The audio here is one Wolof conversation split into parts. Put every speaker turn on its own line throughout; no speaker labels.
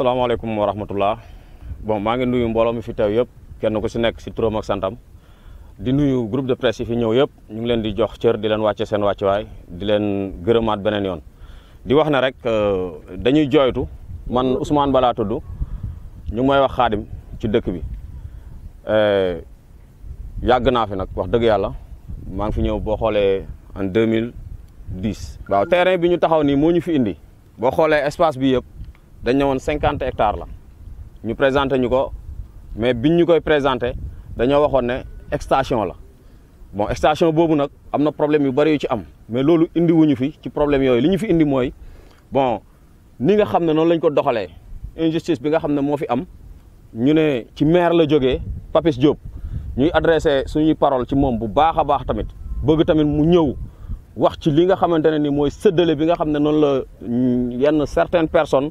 Assalamualaikum warahmatullah. bon ma ngi nuyu mbooloo mi fi teew yeb kenn ku ci nek ci turam ak santam di nuyu groupe de presse fi ñew yeb ñu ngi leen di jox cër di leen wacce seen way di leen gëreumaat benen yoon di wax ne rek euh, dañuy joytu man Ousmane bala tuddu ñu mooy wax khadim ci dëkk bi euh, yag na fi nak wax dëgg yalla ma ngi fi ñew bo xolé en 2010 waaw terrain bi ñu taxaw ni moo ñu fi indi bo xolé espace bi yeb Nous avons 50 hectares Nous ñu présenté mais biñ ñukoy présenté Nous avons une extension la bon extension bobu problème mais ce indi wuñu fi ci problème yoy liñu indi bon ni nga xamné non lañ ko injustice bi nga xamné problème. fi am ñu né ci maire la Papis Diop ñuy adressé parole ci mom bu qui baax tamit bëgg tamit mu ñëw wax ci li nga mm, certaines personnes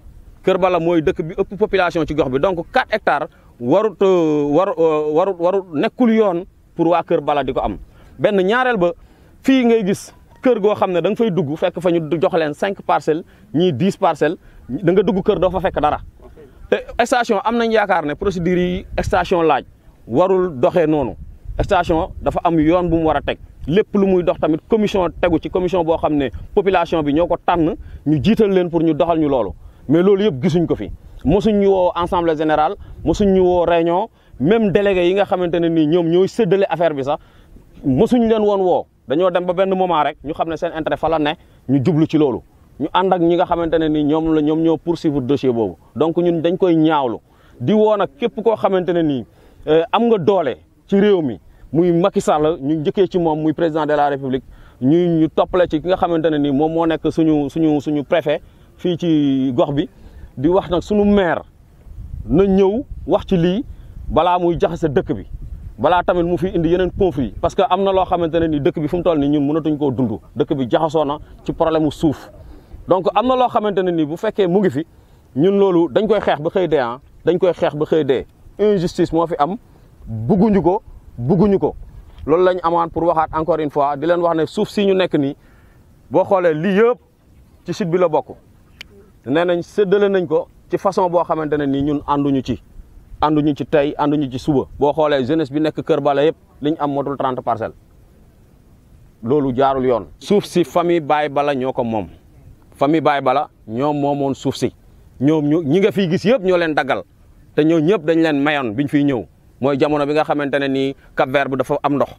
Kër Bala mooy dëkk bi ëpp population ci gox bi donc 4 hectares warut euh, waru euh, warut warut nekkul yoon pour waa Kër Bala di ko am benn ñaareel ba fii ngay gis kër goo xam ne da nga fay dugg fekk fa ñu jox leen 5 parcelles ñii 10 parcelle danga dugg kër doo fa fekk dara te station am nañ yaakaar ne procédure yi station laaj warul doxe noonu station dafa am yoon bu mu war a teg lépp lu muy dox tamit commission tegu ci commission boo xam ne population bi ñoo ko tànn ñu jiital leen pour ñu doxal ñu loolu mais loolu yeb gisuñ ko fi mosuñ ñu wo ensemble général mosuñ ñu wo réunion même délégué yi nga xamante ni ñom ñoy ñooy affaire bi sax mosuñ leen won wo dañoo dem ba benn moment rek ñu xamné seen intérêt fa la un ñu djublu ci loolu ñu ñi nga ni ñom la ñom ñoo poursuivre dossier donc ñun dañ koy ñaawlu di woo nag képp ko nous euh, am nga gens, ci réew mi muy Macky Sall ci muy président de la république ñu ñu la ci ki nga xamante ne mom fii ci gox bi di wax nag sunu maire na ñëw wax ci lii balaa muy jaxase dëkk bi balaa tamit mu fi indi yeneen conflit parce que am na loo xamante ne ni dëkk bi fu mu toll nii ñun mënatuñ koo dund dëkk bi jaxasoo na ci problème mu suuf donc am na loo xamante ne ni bu fekkee mu ngi fi ñun loolu dañ koy xeex ba xëy dee ah dañ koy xeex ba xëy dee injustice moo fi am bugguñu ko bugguñu ko loolu lañu amaan pour waxaat encore une fois di leen wax ne suuf si ñu nekk nii boo xoolee lii yëpp ci site la bokk nee nañ séddale nañ ko ci façon boo xamante ne nii ñun ànduñu ci ànduñu ci tey ànduñu ci suba boo xoolee jeunesse bi nekk Kër Bala yëpp liñ am motul trente parcelles loolu jaarul yoon. suuf si famille Baye Bala ñoo ko moom famille Baye Bala ñoom moomoon suuf si ñoom ñu ñi nga fiy gis yëpp ñoo leen daggal te ñoo ñëpp dañ leen mayoon biñ fiy ñëw mooy jamono bi nga xamante ne nii Cap Vert bu dafa am ndox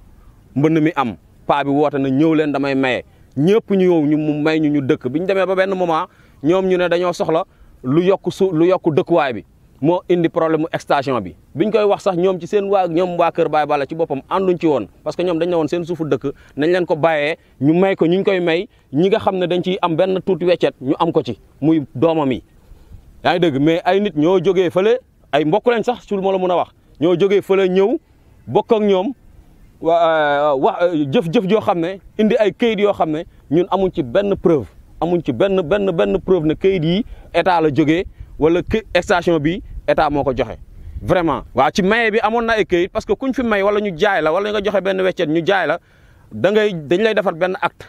mbënn mi am paa bi woote na ñëw leen damay maye ñëpp ñu yow ñu mu ñu ñu dëkk biñ demee ba benn moment. ñoom ñu ne dañoo soxla lu yokk su lu yokk dëkkuwaay bi moo indi problème mu bi biñ koy wax sax ñoom ci seen waa ñoom waa Kër Baye Balla ci boppam ànduñ ci woon parce que ñoom dañ ne woon seen suufu dëkk nañ leen ko bàyyee ñu may ko ñu ñu koy may ñi nga xam ne dañ ciy am benn tuuti weccet ñu am ko ci muy doomam yi. yaa ngi dëgg mais ay nit ñoo jógee fële ay mbokk lañ sax sul moo la mun a wax ñoo jogee fële ñëw bokk ak ñoom wax euh, jëf-jëf joo xam ne indi ay kayit yoo xam ne ñun amu ci benn preuve. Il ci benn preuve ne kayit yi la wala station bi état moko joxé vraiment wa ci maye bi amon na parce que kuñ fi may wala ñu jaay la wala nga joxé benn ñu jaay la da ngay dañ lay acte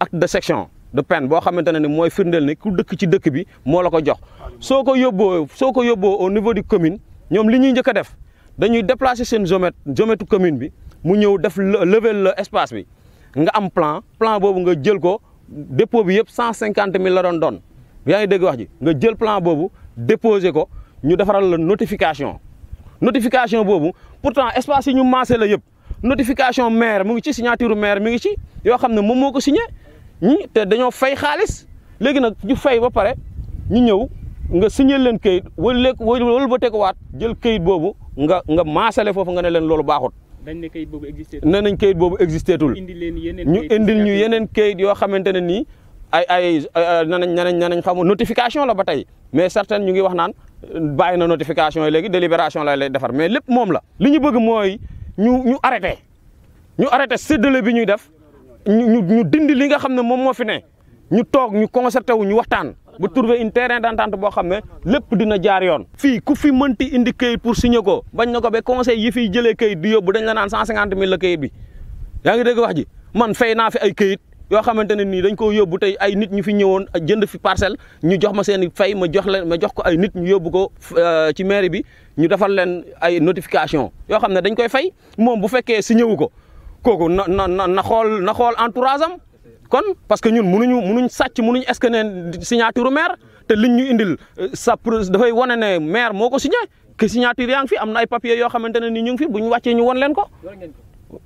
acte de section de peine bo xamante ni mooy de ne ku dëkk ci dëkk bi mo la ko jox soko yobbo soko au niveau du commune ñom li ñuy a def dañuy déplacer sen zomètre commune bi mu ñëw def level espace bi nga am plan plan bobu nga dépôt bi yëpp cent cinquante la doon doon yaa ngi dégg wax ji nga jël plan boobu déposé ko ñu defaral la notification notification boobu pourtant espace yi ñu maasee la yëpp notification maire mu ngi ci signature maire mi ngi ci yoo xam ne moom moo ko signé ñi te dañoo fay xaalis léegi nag ñu fay ba pare ñu ñëw nga signé leen kayit wala léegi wala ba teg waat jël kayit boobu nga nga maasale foofu nga ne leen loolu baaxut.
dañ ne kayit boobu existé tul. nañ kayit boobu existé tul. indi leen yeneen ñu indil ñu
yeneen kayit yoo xamante ne nii ay ay nanañ nanañ nanañ xamu notification la ba tey mais certaines ñu ngi wax naan bàyyi na notification yi léegi délibération lay lay defar mais lépp moom la. li ñu bëgg mooy ñu ñu arrêté ñu arrêté séddale bi ñuy def ñu ñu dindi li nga xam ne moom moo fi ne ñu toog ñu concerté wu ñu waxtaan. bu trouver une terrain d'entente boo xam ne lépp dina jaar yoon fii ku fi mënti indi këyit pour signer ko bañ na ko ba conseil yi fiy jëlee këyit di yóbbu dañ la naan cent cinquante mille la këyit bi yaa ngi dégg wax ji man fay naa fi ay kayit yoo xamante ne nii dañ ko yóbbu tey ay nit ñu fi ñëwoon jënd fi parcelle ñu jox ma seen fay ma jox leen ma jox ko ay nit ñu yóbbu ko euh, ci mairie bi ñu defal leen ay notification yoo xam ne dañ koy fay moom bu fekkee si ñëw ko kooku na na na xool na xool entourage am kon parce que ñun munuñu munuñ sàcc munuñ est-ce que ne signature maire te liñ ñu indil sa dafay wane ne maire moo ko signé que signature yaa ngi fi am nay ay papiers yoo xamante ne ni ñu ngi fi bu ñu wàccee ñu won leen ko.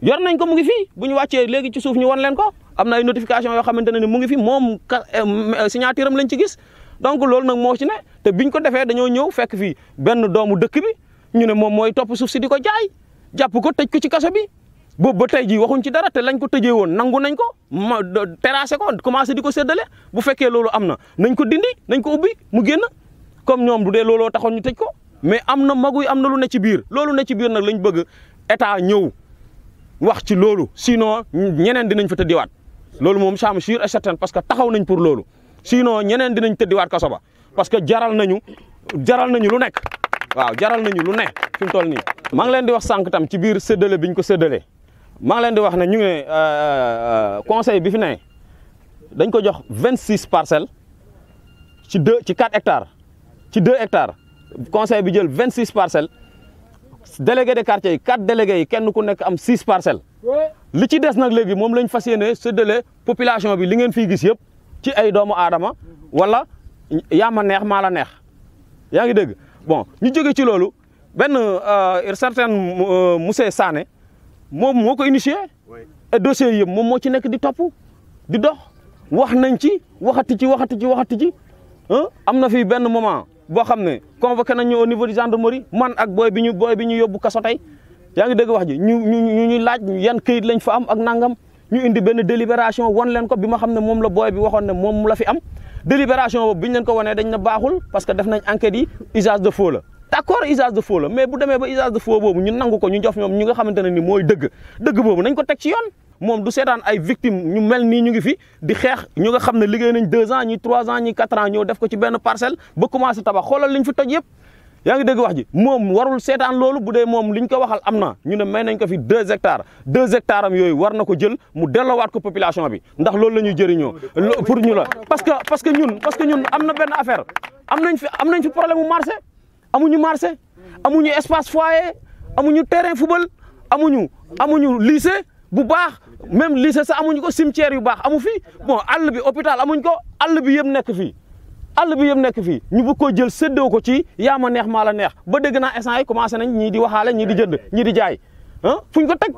yor nañ ko mu ngi fi bu ñu wàccee léegi ci suuf ñu won leen ko am na ay notification yoo xamante ne ni mu ngi fi moom eh, signature am lañ ci gis donc loolu nag moo ci ne te biñ ko defee dañoo ñëw fekk fii benn doomu dëkk bi ñu ne moom mooy topp suuf si di ko jaay jàpp ko tëj ko ci kaso bi. boobu ba tey jii waxuñ ci dara te lañ ko tëjee woon nangu nañ ko ma terrassé ko commencé di ko séddale bu fekkee loolu am na nañ ko dindi nañ ko ubbi mu génn comme ñoom bu dee looloo taxoon ñu tëj ko mais am na maguy am na lu ne ci biir loolu ne ci biir nag lañ bëgg état ñëw wax ci loolu sinon ñeneen dinañ fa tëddiwaat loolu moom ça me sûr et parce que taxaw nañ pour loolu sinon ñeneen dinañ tëddiwaat kaso ba parce que jaral nañu jaral nañu lu nekk waaw jaral nañu lu ne fi mu toll nii. maa ngi leen di wax sànq tam ci biir séddale bi ñu ko séddalee. Je vous le euh, euh, conseil est de 26 parcelles sur, 2, sur 4 hectares. Sur 2 hectares. conseil est de 26 parcelles. Délégué de quartier, 4 délégués, qui nous connaît comme 6 parcelles. Ce qui est le plus important, c'est de faire la population de l'Ingen Figis, qui est le plus important. Voilà, il y a un peu de temps. Il y a un peu de temps. Bon, nous avons dit que certains euh, euh Moussé Sane, moom moo ko initié et dossiers yëpp moom moo ci nekk di topp di dox wax nañ ci waxati ci waxati ci waxati ci am na fi benn moment boo xam ne convoqué nañ ñu au niveau du gendarmerie man ak booy bi ñu booy bi ñu yóbbu kaso tey yaa ngi dégg wax ji ñu ñu ñu laaj yan këyit lañ fa am ak nangam ñu indi benn délibération wan leen ko bi ma xam ne moom la booy bi waxoon ne moom la fi am délibération boobu bi ñu leen ko wanee dañ na baaxul parce que def nañ enquête yi usage de faux la. d'accord accord usage de faux mais bu démé ba usage de faux bobu ñu nangu ko ñu jof ñom ñi nga xamante ni moy dëgg dëgg bobu nañ ko tek ci yoon mom du seetaan ay victimes ñu mel nii ñu ngi fi di xex ñu nga xamné liggéey nañ 2 ans ñi 3 ans ñi 4 ans ñoo def ko ci benn parcelle ba commencé tabax xolal liñ fi toj yépp ya nga dégg wax ji mom warul seetaan loolu bu dé mom liñ ko waxal amna ñu né may nañ ko fi 2 hectares 2 hectares am yoy war na ko jël mu delloowaat ko population bi ndax loolu la ñuy jëriñoo pour ñu la parce que parce que ñun parce que ñun amna benn affaire am nañ fi am nañ fi problème mu marché amuñu marché amuñu espace foyer amuñu terrain football amuñu amuñu lycée bu baax même lycée sax amuñu ko cimetière yu baax amu fi bon àll bi hôpital amuñ ko àll bi yëpp nekk fii àll bi yëpp nekk fii ñu bëgg koo jël séddoo ko ci yaa ma neex maa la neex ba dégg naa instant yi commencé nañ ñii di waxaale ñii di jënd ñii di jaay ah fuñ ko teg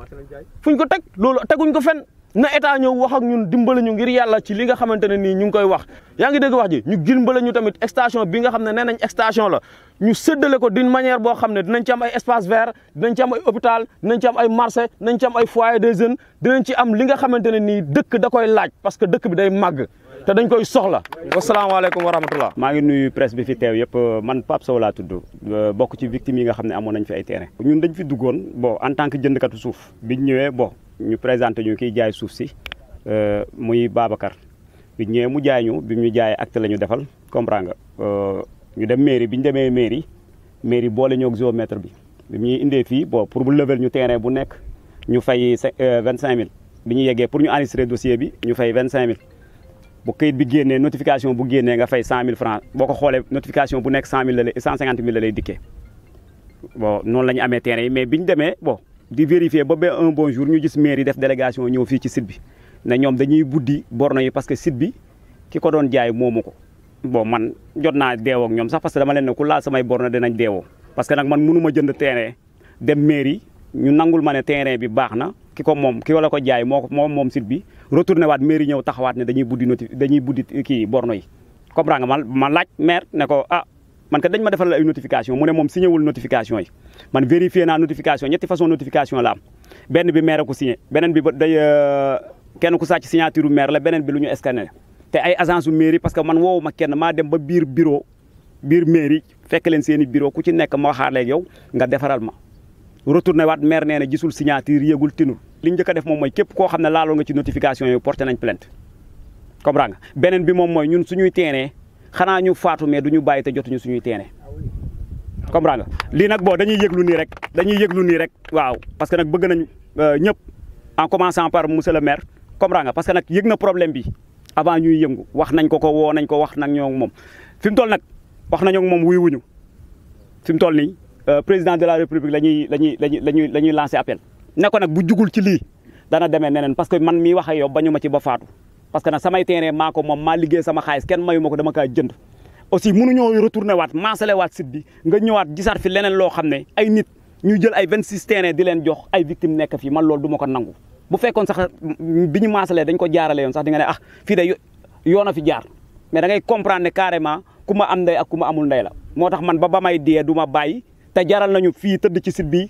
fuñ ko teg loolu teguñ ko fen na état ñëw wax ak ñun dimbale ñu ngir yàlla ci li nga xamante ne nii ñu ngi koy wax yaa ngi dégg wax ji ñu dimbale ñu tamit station bi nga xam ne nee nañ station la ñu séddale ko d'une manière boo xam ne dinañ ci ay espace vert dinañ ci am ay hôpital dinañ ci am ay marché dinañ ci ay foyer des jeunes dinañ ci am li nga xamante ne nii dëkk da koy laaj parce que dëkk bi day màgg
te dañ koy soxla. wasalaamaaleykum wa rahmatullah. maa ngi nuyu presse bi fi teew yëpp man Pape Sow laa tudd euh, bokk ci victime yi nga xam ne amoon nañ fi ay terrain ñun dañ fi duggoon bo en tant que jëndkatu suuf biñ ñëwee bon ñu présenté ñu kiy jaay suuf si euh, muy Babacar bi mu jaay ñu bi ñu jaayee acte la ñu defal comprendre nga euh, ñu dem mairie bi ñu demee mairie mairie boole ñoo ak bi bi ñuy indee fii bon pour bu level ñu terrain bu nekk ñu fay euh, vingt cinq mille bi ñu yeggee pour ñu enregistrer dossier bi ñu fay vingt cinq mille bu kayit bi génnee notification bu génnee nga fay cent mille franc boo ko xoolee notification bu nekk cent mille la lay cent cinquante mille la lay dikkee bon noonu la amee terrain yi mais bi ñu demee boo di vérifier ba ba un bon jour ñu gis mairie def délégation ñëw fii ci site bi ñoom dañuy buddi borne parce que site ki ko doon jaay moomu ko. bon man jot naa deewoo ak ñoom sax parce que dama leen ne ku laal samay borne dinañ deewoo parce que nag man mënu ma jënd terrain dem mairie ñu nangul ma ne terrain bi baax na ki ko moom ki wala ko jaay moo ko moom moom site bi retourné waat mairie ñëw taxawaat ne dañuy buddi noti dañuy buddi kii borno yi. comprendre ma laaj maire ne ah, man kat dañ ma defal la ay notification mu ne moom signé wul notification yi man vérifié naa notification ñetti façon notification la benn bi maire ko beneen bi ba day euh, kenn ku sàcc signature la beneen bi lu ñu scanné te ay agence su mairie parce que man woowu ma kenn maa dem ba biir bureau biir mairie fekk leen seen i bureau ku ci nekk ma waxaale yow nga defaral ma retourné waat maire nee na gisul signature yëgul tinul li njëkk a def moom mooy képp koo xam ne laaloo nga ci notification yooyu porté nañ plainte comprends beneen bi moom mooy ñun suñuy teenee xana ñu faatu mais duñu ñu bàyyi te jotuñu suñuy teene comprendre nga li nak bo dañuy yeglu ni rek dañuy yeglu ni rek waaw parce que nak bëgg nañ euh, ñëpp en commençant par monsieur le maire comprendre nga parce que nak yëg na problème bi avant ñuy yëngu wax nañ ko ko wo nañ ko wax nak ñoo mom fim mu toll nag wax ak mom wuy wuñu fim mu toll nii euh, président de la république lañuy lañuy lañuy lañuy lancer appel ne ko nag bu jugul ci li dana démé nenen parce que man mi wax ak yow bañu ci ba faatu parce que nag samay terrain maa ko moom maa liggéey sama xaalis kenn mayu ma ko dama kaa jënd aussi mënuñoo retourné waat maasale waat site bi nga ñëwaat gisaat fi leneen loo xam ne ay nit ñu jël ay vingt six terrain di leen jox ay victime nekk fii man loolu du ma ko nangu bu fekkoon sax bi ñu maasalee dañ ko jaarale yoon sax di ne ah fii de yoon a fi jaar mais da ngay comprendre ne carrément ku ma am ndey ak ku ma amul ndey la moo tax man ba ba may dee du bàyyi te jaral nañu fii tëdd ci site bi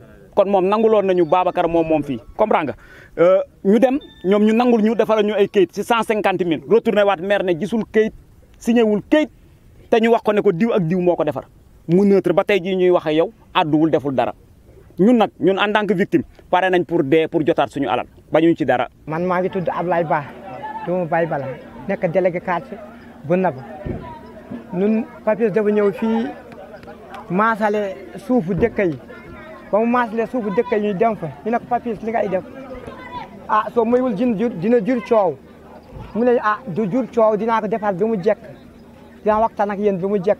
kon mom nangulon nañu babakar mom mom fi comprends nga euh ñu dem ñom ñu nangul ñu defal ñu ay keuyit ci 150000 retourner wat mer ne gisul keuyit signé wul keuyit té ñu wax ko ne ko diw ak diw moko defar mu neutre ba tay ji ñuy wax yow adduwul deful dara ñun nak ñun en tant que victime paré nañ pour dé pour jotat suñu alal bañu ci dara
man ma ngi tudd Ablaye Ba doomu bay Bala nek délégué quartier bu nab ñun papier dafa ñew fi maasale suufu dekkay ba mu maasle suufu dëkk yi dem fa ñu ne ko Papis li ngay def ah soo moywul jin jur dina jur coow mu ne ah du jur coow dinaa ko defar bi mu jekk dinaa waxtaan ak yéen bi mu jekk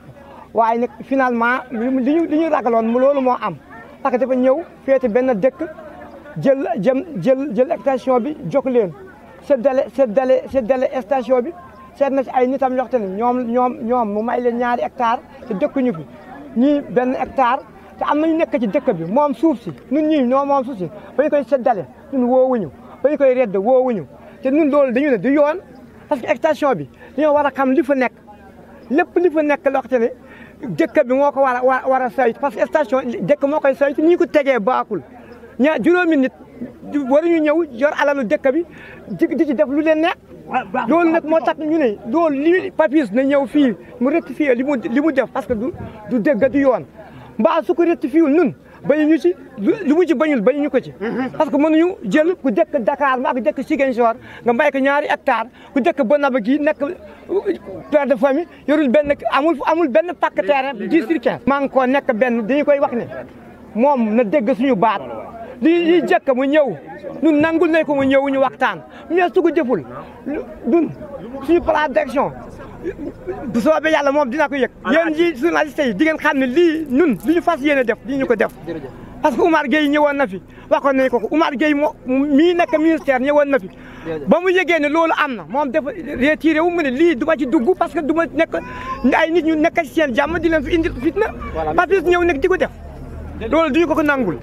waaye nag finalement li li ñu ragaloon mu loolu moo am parce que dafa ñëw féete benn dëkk jël jëm jël jël station bi jokk leen seddale seddale seddale station bi seet na ci ay nitam yoxte ne ñoom ñoom ñoom mu may leen ñaari hectare te dëkkuñu fi ñii benn hectare te am nañu nekk ci dëkk bi moom suuf si ñun ñii ñoo moom suuf si ba ñu koy yi ñun woowuñu ba ñu koy redd woowuñu te ñun loolu dañu ne du yoon parce que station bi dañoo war a xam li fa nekk lépp li fa nekk loo xam ne bi moo ko war a war a saytu parce que station dëkk moo koy saytu ñi ko tegee baaxul ña juróomi nit waruñu ñëw yor alalu dëkk bi di ci def lu leen nekk loolu nag moo tax ñu ne loolu li papis na ñëw fii mu rectifier li mu li mu def parce que du du dëgg du yoon mbaa su ko rectifiewul ñun bañu ñu ci lu mu ci bañul bañu ñu ko ci mhm. parce que mënuñu jël ku dëkk Dakar mbaa ku dëkk Ziguinchor nga may ko ñaari hectare ku dëkk Bonaba gi nekk euh, père de famille yorul benn amul amul benn pàkk terrain dix sur quinze maa ngi koo nekk benn dañu koy wax ne moom na dégg suñu baat li li jëkk mu ñëw ñun nangul nañ ko mu ñëw ñu waxtaan mais su ko jëful dun suñu plan d'action bu soobee yàlla moom dina ko yëg yéen ji journaliste yi di ngeen xam ne lii ñun li ñu fas yéene def di ñu ko def parce que Oumar Gueye ñëwoon na fi waxoon nañu ko ko Oumar Gueye moo mii nekk ministère ñëwoon na fi ba mu yëgee ne loolu am na moom dafa retiré wu mu ne lii du ma ci dugg parce que du ma nekk ay nit ñu nekk ci seen jàmm di leen fi indil fitna parce que ñëw nekk di ko def loolu duñu ko ko nangul